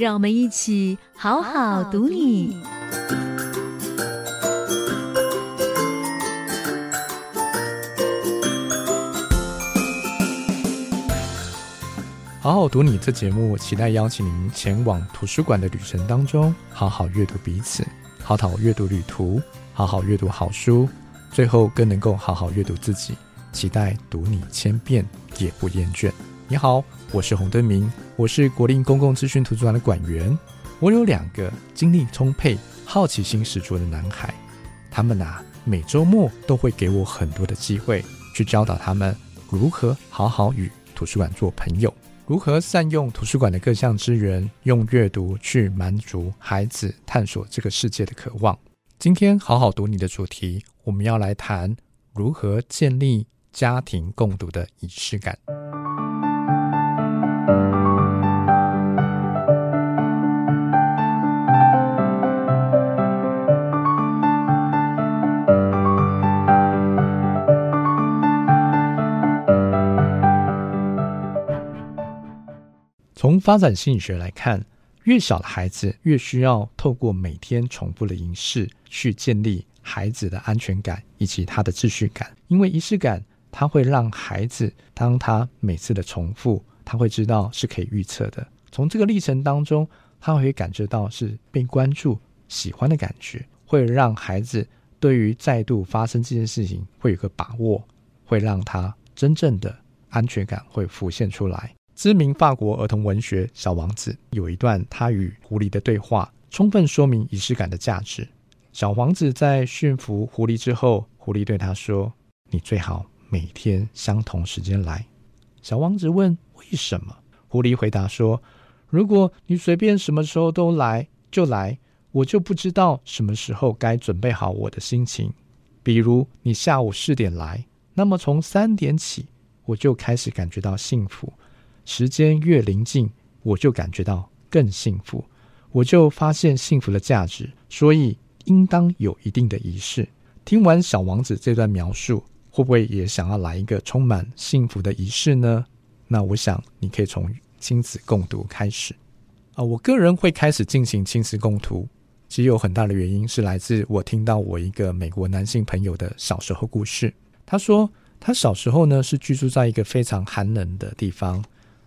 讓我們一起好好讀你，好好讀你這節目。我期待邀請您前往圖書館的旅程當中，好好閱讀彼此，好好閱讀旅途，好好閱讀好書，最後更能夠好好閱讀自己。期待讀你千遍也不厭倦。你好，我是洪敦明，我是國立公共資訊圖書館的館員。我有兩個精力充沛、好奇心十足的男孩，他們啊，每周末都會給我很多的機會，去教導他們如何好好與圖書館做朋友，如何善用圖書館的各項資源，用閱讀去滿足孩子探索這個世界的渴望。今天好好讀你的主題，我們要來談如何建立家庭共讀的儀式感。從發展心理學來看，越小的孩子越需要透過每天重複的儀式，去建立孩子的安全感以及他的秩序感。因為儀式感，它會讓孩子當他每次的重複。他會知道是可以預測的，從這個歷程當中，他會感覺到是被關注、喜歡的感覺，會讓孩子對於再度發生這件事情會有個把握，會讓他真正的安全感會浮現出來。知名法國兒童文學《小王子》有一段他與狐狸的對話，充分說明儀式感的價值。小王子在馴服狐狸之後，狐狸對他說：“你最好每天相同時間來。”小王子問。為什麼？狐狸回答說：“如果你隨便什麼時候都來就來，我就不知道什麼時候該準備好我的心情。比如你下午四點來，那麼從三點起我就開始感覺到幸福。時間越臨近，我就感覺到更幸福，我就發現幸福的價值。所以，應當有一定的儀式。”聽完小王子這段描述，會不會也想要來一個充滿幸福的儀式呢？那我想你可以從親子共讀開始啊，我個人會開始進行親子共讀，其實有很大的原因是來自我聽到我一個美國男性朋友的小時候故事。他說他小時候呢是居住在一個非常寒冷的地方，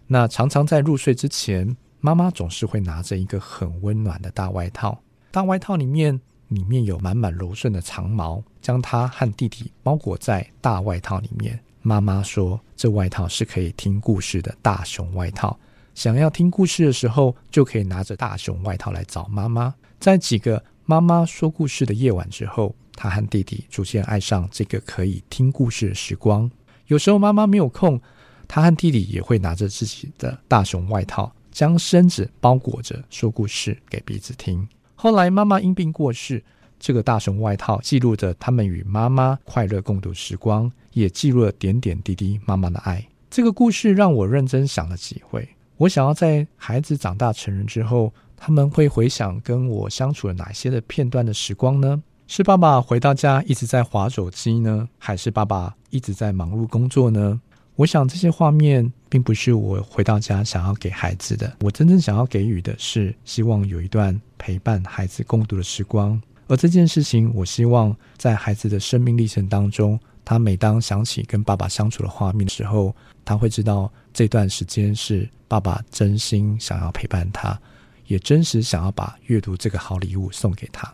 那常常在入睡之前，媽媽總是會拿着一個很溫暖的大外套，大外套裡面裡面有滿滿柔順的長毛，將他和弟弟包裹在大外套裡面。媽媽說：“這外套是可以聽故事的大熊外套，想要聽故事的時候，就可以拿着大熊外套來找媽媽。”在幾個媽媽說故事的夜晚之後，她和弟弟逐漸愛上這個可以聽故事的時光。有時候媽媽沒有空，她和弟弟也會拿着自己的大熊外套，將身子包裹着，說故事給彼此聽。後來媽媽因病過世。這個大熊外套記錄着他們與媽媽快樂共度時光，也記錄了點點滴滴媽媽的愛。這個故事讓我認真想了幾回。我想要在孩子長大成人之後，他們會回想跟我相處了哪些的片段的時光呢？是爸爸回到家一直在滑手機呢，還是爸爸一直在忙碌工作呢？我想這些畫面並不是我回到家想要給孩子的。我真正想要給予的是，希望有一段陪伴孩子共度的時光。而這件事情，我希望在孩子的生命歷程當中，他每當想起跟爸爸相處的畫面的時候，他會知道這段時間是爸爸真心想要陪伴他，也真實想要把閱讀這個好禮物送給他。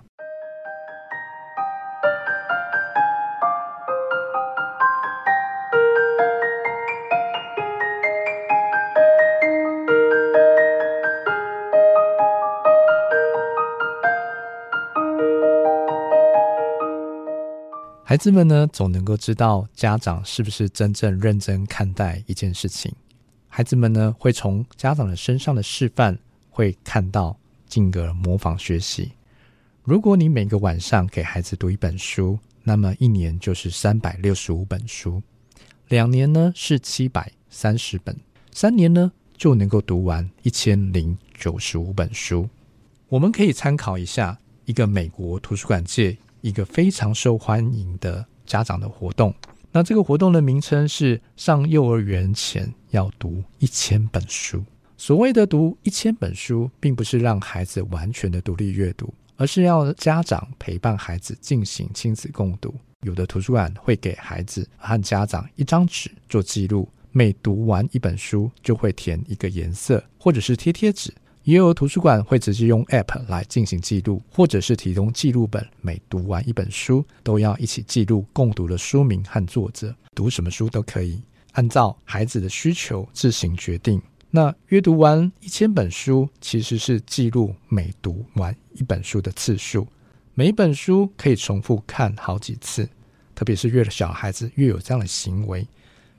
孩子們呢，總能夠知道家長是不是真正認真看待一件事情。孩子們呢，會從家長的身上的示範，會看到，進而模仿學習。如果你每個晚上給孩子讀一本書，那麼一年就是三百六十五本書，兩年呢是七百三十本，三年呢就能夠讀完一千零九十五本書。我們可以參考一下一個美國圖書館界，一個非常受歡迎的家長的活動，那這個活動的名稱是“上幼兒園前要讀一千本書”。所謂的“讀一千本書”，並不是讓孩子完全的獨立閱讀，而是要家長陪伴孩子進行親子共讀。有的圖書館會給孩子和家長一張紙做記錄，每讀完一本書就會填一個顏色，或者是貼貼紙。也有圖書館會直接用 App 來進行記錄，或者是提供記錄本，每讀完一本書都要一起記錄共讀的書名和作者。讀什麼書都可以，按照孩子的需求自行決定。那閱讀完一千本書，其實是記錄每讀完一本書的次數，每本書可以重複看好幾次。特別是越小孩子越有這樣的行為，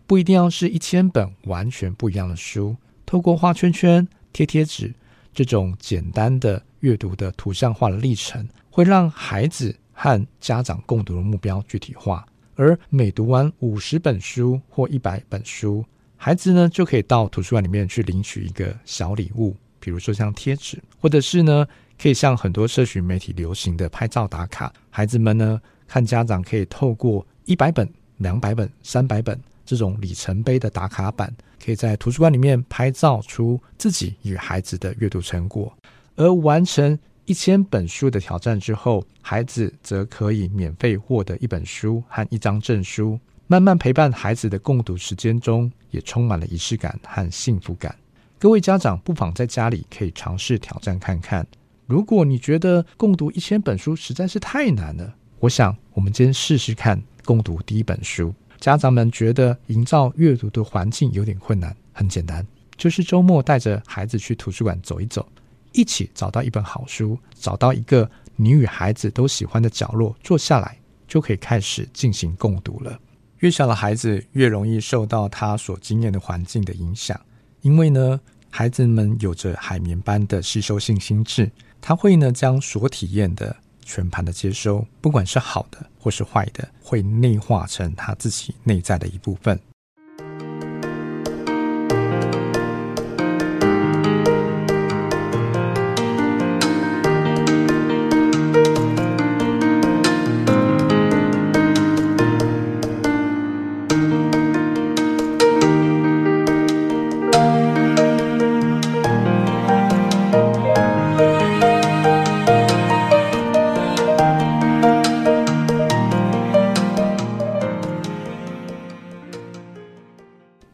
不一定要是一千本完全不一樣的書。透過畫圈圈、貼貼紙。這種簡單的閱讀的圖像化的歷程，會讓孩子和家長共讀的目標具體化。而每讀完五十本書或一百本書，孩子呢就可以到圖書館裡面去領取一個小禮物，比如說像貼紙，或者是呢可以像很多社群媒體流行的拍照打卡。孩子們呢看家長可以透過一百本、兩百本、三百本。這種里程碑的打卡板，可以在圖書館裡面拍照出自己與孩子的閱讀成果，而完成一千本書的挑戰之後，孩子則可以免費獲得一本書和一張證書。慢慢陪伴孩子的共讀時間中，也充滿了儀式感和幸福感。各位家長不妨在家裡可以嘗試挑戰看看。如果你覺得共讀一千本書實在是太難了，我想我們先試試看共讀第一本書。家長們覺得營造閱讀的環境有點困難，很簡單，就是周末帶着孩子去圖書館走一走，一起找到一本好書，找到一個你與孩子都喜歡的角落，坐下來就可以開始進行共讀了。越小的孩子越容易受到他所經驗的環境的影響，因為呢，孩子們有着海綿般的吸收性心智，他會呢將所體驗的。全盤的接收，不管是好的或是壞的，會內化成他自己內在的一部分。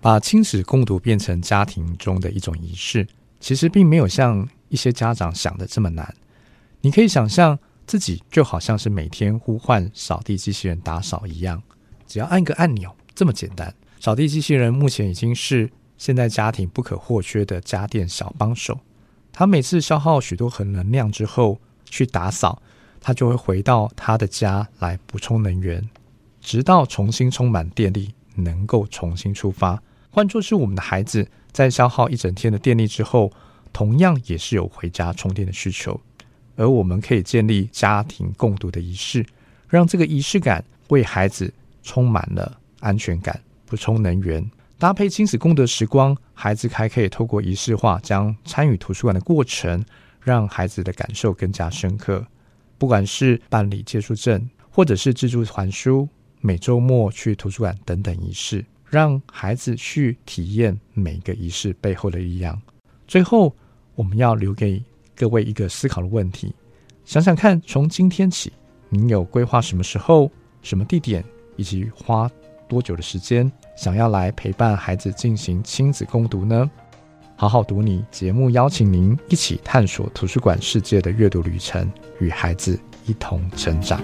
把親子共讀變成家庭中的一種儀式，其實並沒有像一些家長想的這麼難。你可以想象自己就好像是每天呼喚掃地機器人打掃一樣，只要按個按鈕，這麼簡單。掃地機器人目前已經是現在家庭不可或缺的家電小幫手。它每次消耗許多核能量之後去打掃，它就會回到它的家來補充能源，直到重新充滿電力，能夠重新出發。換作是我們的孩子，在消耗一整天的電力之後，同樣也是有回家充電的需求。而我們可以建立家庭共讀的儀式，讓這個儀式感為孩子充滿了安全感，補充能源。搭配親子共讀時光，孩子還可以透過儀式化，將參與圖書館的過程，讓孩子的感受更加深刻。不管是辦理借書證，或者是自助還書，每週末去圖書館等等儀式。讓孩子去體驗每個儀式背後的力量。最後，我們要留給各位一個思考的問題：想想看，從今天起，您有規劃什麼時候、什麼地點以及花多久的時間，想要來陪伴孩子進行親子共讀呢？好好讀你，你節目邀請您一起探索圖書館世界的閱讀旅程，與孩子一同成長。